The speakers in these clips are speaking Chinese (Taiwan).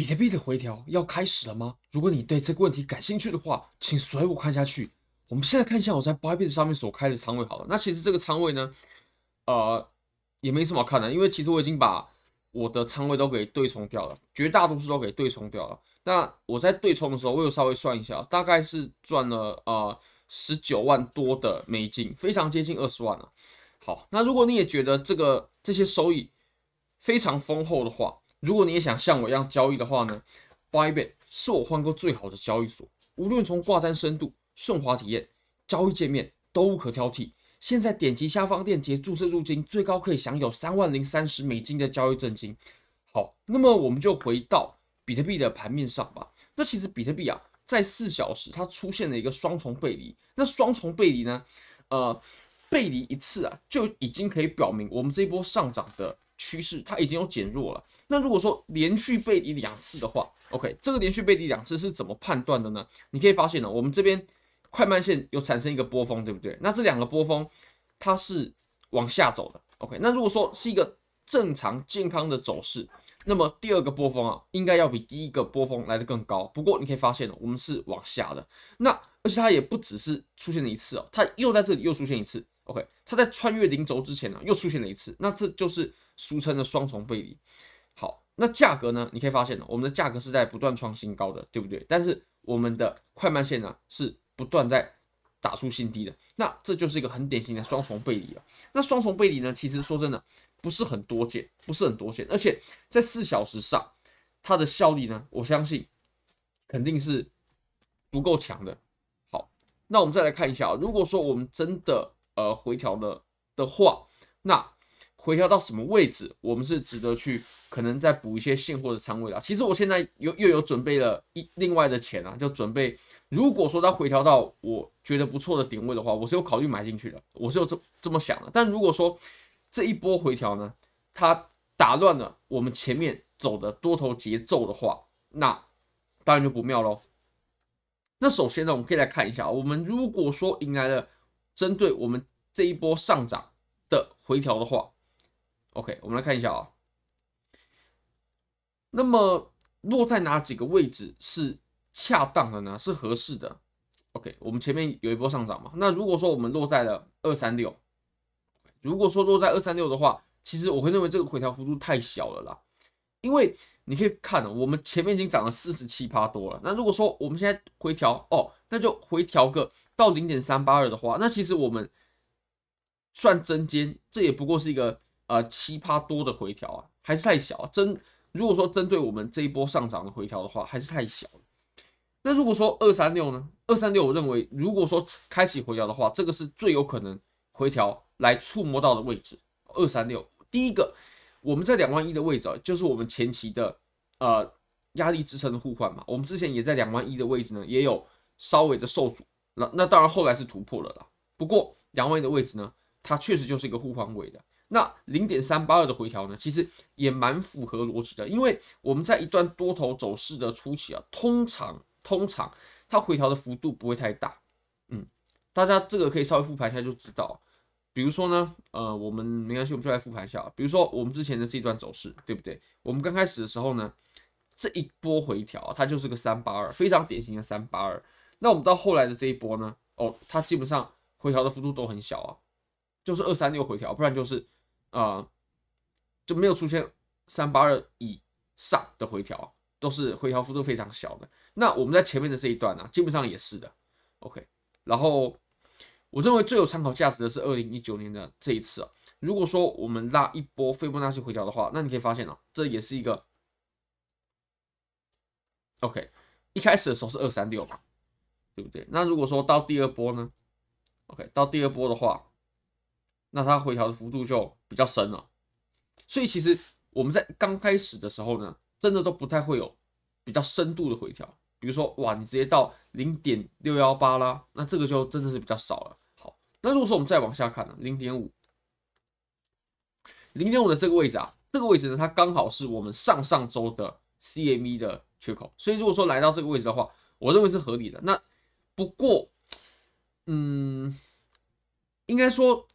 比特幣的回調要開始了嗎？如果你對這個問題感興趣的話，請隨我看下去。我們現在看一下我在 Bybit 上面所開的倉位，好了，那其實這個倉位呢，呃，也沒什麼好看的，因為其實我已經把我的倉位都給對沖掉了，絕大多數都給對沖掉了。那我在對沖的時候，我有稍微算一下，大概是賺了呃十九萬多的美金，非常接近二十萬了。好，那如果你也覺得這個這些收益非常豐厚的話，如果你也想像我一樣交易的話呢，Bybit 是我換過最好的交易所，無論從掛單深度、順滑體驗、交易界面都無可挑剔。現在點擊下方鏈接注冊入金，最高可以享有三萬零三十美金的交易贈金。好，那麼我們就回到比特幣的盤面上吧。那其實比特幣啊，在四小時它出現了一個雙重背離。那雙重背離呢，呃，背離一次啊，就已經可以表明我們這一波上漲的趨勢它已經有減弱了。那如果說連續背離兩次的話，OK，這個連續背離兩次是怎麼判斷的呢？你可以發現呢、哦，我們這邊快慢線有產生一個波峰，對不對？那這兩個波峰它是往下走的，OK。那如果說是一個正常健康的走勢，那麼第二個波峰啊，應該要比第一個波峰來得更高。不過你可以發現、哦，我們是往下的。那而且它也不只是出現了一次哦，它又在這裡又出現一次，OK。它在穿越零軸之前呢、啊，又出現了一次。那這就是。俗稱的雙重背離，好，那價格呢？你可以發現，喔，我們的價格是在不斷創新高的，對不對？但是我們的快慢線呢，是不斷在打出新低的，那這就是一個很典型的雙重背離，喔，那雙重背離呢，其實說真的，不是很多見，不是很多見，而且在四小時上，它的效力呢，我相信肯定是不夠強的。好，那我們再來看一下，喔，如果說我們真的呃回調了的話，那回調到什麼位置，我們是值得去可能再補一些現貨的倉位啊。其實我現在有又有準備了一另外的錢啊，就準備如果說它回調到我覺得不錯的點位的話，我是有考慮買進去的，我是有這這麼想的。但如果說這一波回調呢，它打亂了我們前面走的多頭節奏的話，那當然就不妙咯。那首先呢，我們可以來看一下，我們如果說迎來了針對我們這一波上漲的回調的話。OK，我們來看一下啊、哦。那麼落在哪幾個位置是恰當的呢？是合適的。OK，我們前面有一波上漲嘛，那如果說我們落在了二三六，如果說落在二三六的話，其實我會認為這個回調幅度太小了啦。因為你可以看、哦，我們前面已經漲了四十七趴多了。那如果說我們現在回調哦，那就回調個到零點三八二的話，那其實我們算針尖，這也不過是一個。呃，七趴多的回調啊，還是太小啊。針如果說針對我們這一波上漲的回調的話，還是太小了。那如果說二三六呢？二三六，我認為如果說開啟回調的話，這個是最有可能回調來觸摸到的位置。二三六，第一個我們在兩萬一的位置啊，就是我們前期的呃壓力支撐的互換嘛。我們之前也在兩萬一的位置呢，也有稍微的受阻，那那當然後來是突破了啦。不過兩萬一的位置呢，它確實就是一個互換位的。那零點三八二的回調呢，其實也蠻符合邏輯的，因為我們在一段多頭走勢的初期啊，通常通常它回調的幅度不會太大，嗯，大家這個可以稍微復盤一下就知道。比如說呢，呃，我們沒關係，我們就來復盤一下。比如說我們之前的這一段走勢，對不對？我們剛開始的時候呢，這一波回調它就是個三八二，非常典型的三八二。那我們到後來的這一波呢，哦，它基本上回調的幅度都很小啊，就是二三六回調，不然就是。呃，就沒有出現三八二以上的回調，啊，都是回調幅度非常小的。那我們在前面的這一段呢，啊，基本上也是的。OK，然後我認為最有參考價值的是二零一九年的這一次啊。如果說我們拉一波，斐波那契回調的話，那你可以發現哦，啊，這也是一個 OK。一開始的時候是二三六嘛，對不對？那如果說到第二波呢？OK，到第二波的話，那它回調的幅度就。比較深了啊，所以其實我們在剛開始的時候呢，真的都不太會有比較深度的回調。比如說，哇，你直接到零點六幺八啦，那這個就真的是比較少了。好，那如果說我們再往下看呢啊，零點五，零點五的這個位置啊，這個位置呢，它剛好是我們上上周的 CME 的缺口，所以如果說來到這個位置的話，我認為是合理的。那不過，嗯，應該說。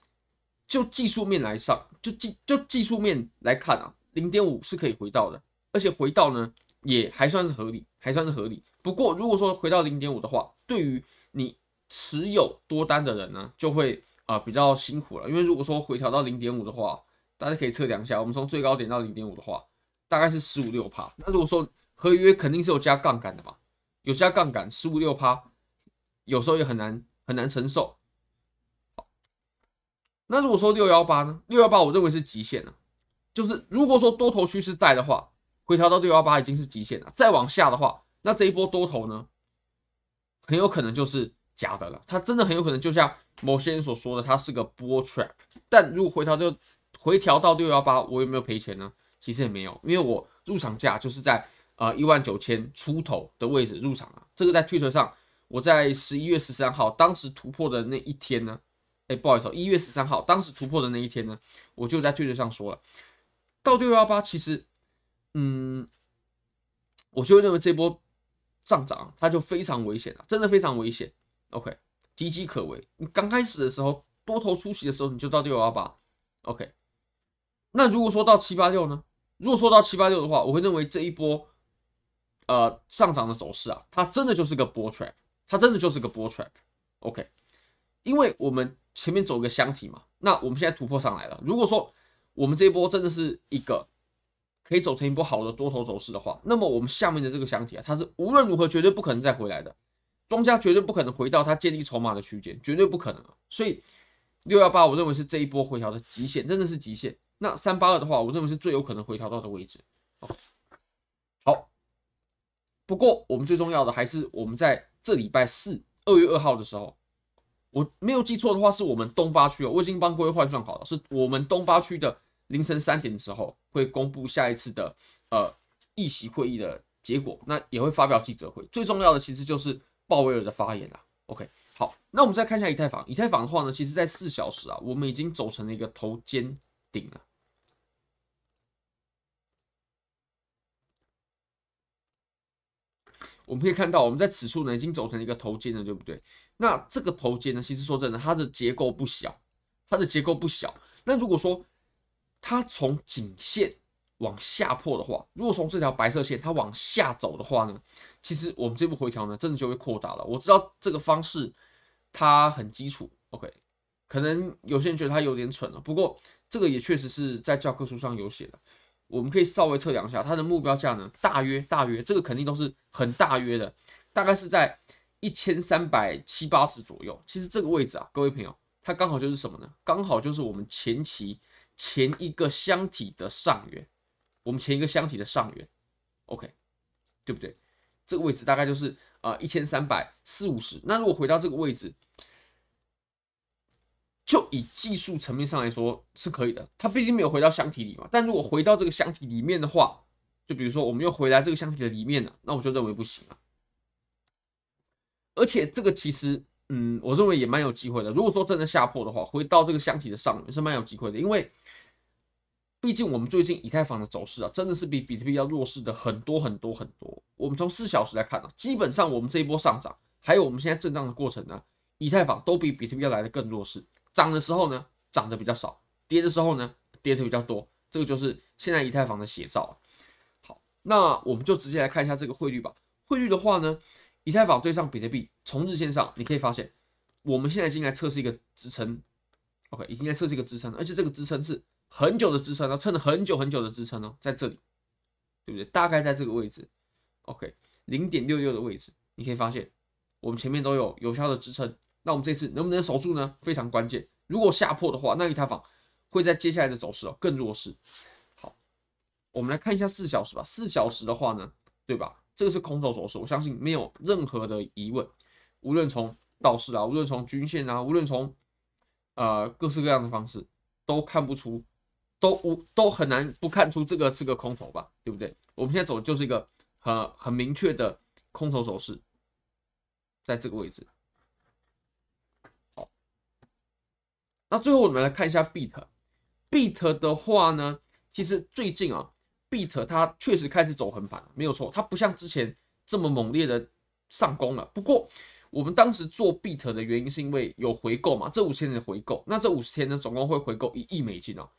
就技術面來上，就技就技術面來看啊，零點五是可以回到的，而且回到呢也還算是合理，還算是合理。不過如果說回到零點五的話，對於你持有多單的人呢，就會啊、呃、比較辛苦了。因為如果說回調到零點五的話，大家可以測量一下，我們從最高點到零點五的話，大概是十五六趴。那如果說合約肯定是有加槓桿的嘛，有加槓桿十五六趴，有時候也很難很難承受。那如果說六幺八呢？六幺八，我認為是極限了。就是如果說多頭趨勢在的話，回調到六幺八已經是極限了。再往下的話，那這一波多頭呢，很有可能就是假的了。它真的很有可能，就像某些人所說的，它是個 bull trap。但如果回調就回調到六幺八，我有沒有賠錢呢？其實也沒有，因為我入場價就是在、呃、1一萬九千出頭的位置入場了。這個在推特上，我在十一月十三號當時突破的那一天呢。哎、欸，不好意思，一月十三號，當時突破的那一天呢，我就在推特上說了，到六幺八，其實，嗯，我就認為這波上漲它就非常危險了、啊，真的非常危險。OK，岌岌可危。你剛開始的時候多頭出擊的時候，你就到六幺八。OK，那如果說到七八六呢？如果說到七八六的話，我會認為這一波，呃，上漲的走勢啊，它真的就是個 bull trap，它真的就是個 bull trap。OK，因為我們，前面走一個箱體嘛，那我們現在突破上來了。如果說我們這一波真的是一個可以走成一波好的多頭走勢的話，那麼我們下面的這個箱體啊，它是無論如何絕對不可能再回來的，莊家絕對不可能回到它建立籌碼的區間，絕對不可能。所以六幺八我認為是這一波回調的極限，真的是極限。那三八二的話，我認為是最有可能回調到的位置。好。好，不過我們最重要的還是我們在這禮拜四二月二號的時候。我沒有記錯的話，是我們東八區哦，我已經幫各位換算好了，是我們東八區的凌晨三點的時候會公布下一次的呃，議息會議的結果，那也會發表記者會。最重要的其實就是鮑威爾的發言了、啊、OK，好，那我們再看一下以太坊，以太坊的話呢，其實，在四小時啊，我們已經走成了一個頭肩頂了。我們可以看到，我們在此處呢，已經走成一個頭肩了，對不對？那這個頭肩呢，其實說真的，它的結構不小，它的結構不小。那如果說它從頸線往下破的話，如果從這條白色線它往下走的話呢，其實我們這波回調呢，真的就會擴大了。我知道這個方式它很基礎，OK，可能有些人覺得它有點蠢了，不過這個也確實是在教科書上有寫的。我們可以稍微測量一下它的目標價呢，大約大約，這個肯定都是很大約的，大概是在一千三百七八十左右。其實這個位置啊，各位朋友，它剛好就是什麼呢？剛好就是我們前期前一個箱體的上緣，我們前一個箱體的上緣，OK，對不對？這個位置大概就是啊一千三百四五十。那如果回到這個位置。就以技術層面上來說是可以的，它畢竟沒有回到箱體裡嘛。但如果回到這個箱體裡面的話，就比如說我們又回來這個箱體的裡面了，那我就認為不行啊。而且這個其實，嗯，我認為也蠻有機會的。如果說真的下破的話，回到這個箱體的上面是蠻有機會的，因為畢竟我們最近以太坊的走勢啊，真的是比比特幣要弱勢的很多很多很多。我們從四小時來看啊，基本上我們這一波上漲，還有我們現在震盪的過程呢，以太坊都比比特幣要來得更弱勢。漲的時候呢，漲的比較少；跌的時候呢，跌的比較多。這個就是現在以太坊的寫照。好，那我們就直接來看一下這個匯率吧。匯率的話呢，以太坊對上比特幣，從日線上，你可以發現，我們現在正在測試一個支撐。OK，已經在測試一個支撐了，而且這個支撐是很久的支撐哦，撐了很久很久的支撐哦，在這裡，對不對？大概在這個位置，OK，0.66 的位置，你可以發現，我們前面都有有效的支撐。那我們這次能不能守住呢？非常關鍵。如果下破的話，那以太坊會在接下來的走勢哦更弱勢。好，我們來看一下四小時吧。四小時的話呢，對吧？這個是空頭走勢，我相信沒有任何的疑問。無論從道氏啊，無論從均線啊，無論從呃各式各樣的方式，都看不出，都無都很難不看出這個是個空頭吧，對不對？我們現在走的就是一個很很明確的空頭走勢，在這個位置。那最後我們來看一下 BIT，BIT 的話呢，其實最近啊，BIT 它確實開始走橫盤沒有錯，它不像之前這麼猛烈的上攻了。不過我們當時做 BIT 的原因是因為有回購嘛，這五十天的回購，那這五十天呢，總共會回購一億美金哦。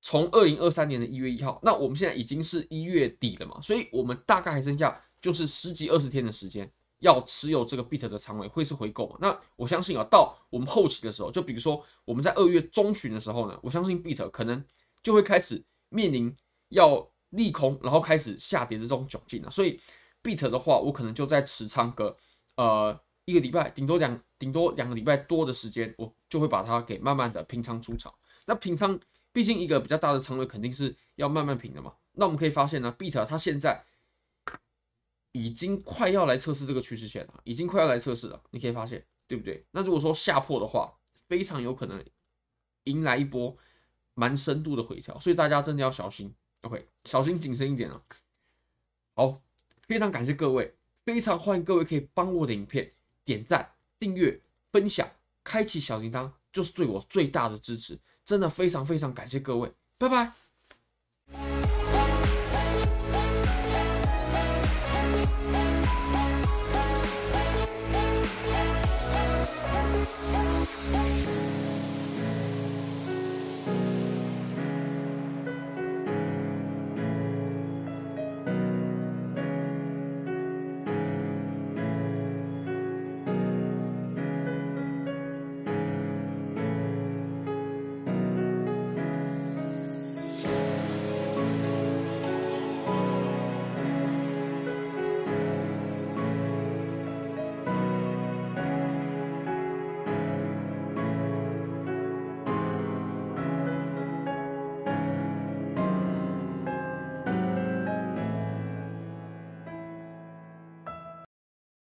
從二零二三年的一月一號，那我們現在已經是一月底了嘛，所以我們大概還剩下就是十幾二十天的時間。要持有這個 BIT 的倉位會是回購嘛？那我相信啊，到我們後期的時候，就比如說我們在二月中旬的時候呢，我相信 BIT 可能就會開始面臨要利空，然後開始下跌的這種窘境了啊。所以，BIT 的話，我可能就在持倉個呃一個禮拜，頂多兩頂多兩個禮拜多的時間，我就會把它給慢慢的平倉出場。那平倉，畢竟一個比較大的倉位肯定是要慢慢平的嘛。那我們可以發現呢，BIT 它現在。已經快要來測試這個趨勢線了，已經快要來測試了。你可以發現，對不對？那如果說下破的話，非常有可能迎來一波蠻深度的回調，所以大家真的要小心，OK？小心謹慎一點啊。好，非常感謝各位，非常歡迎各位可以幫我的影片點讚、訂閱、分享、開啟小鈴鐺，就是對我最大的支持。真的非常非常感謝各位，拜拜。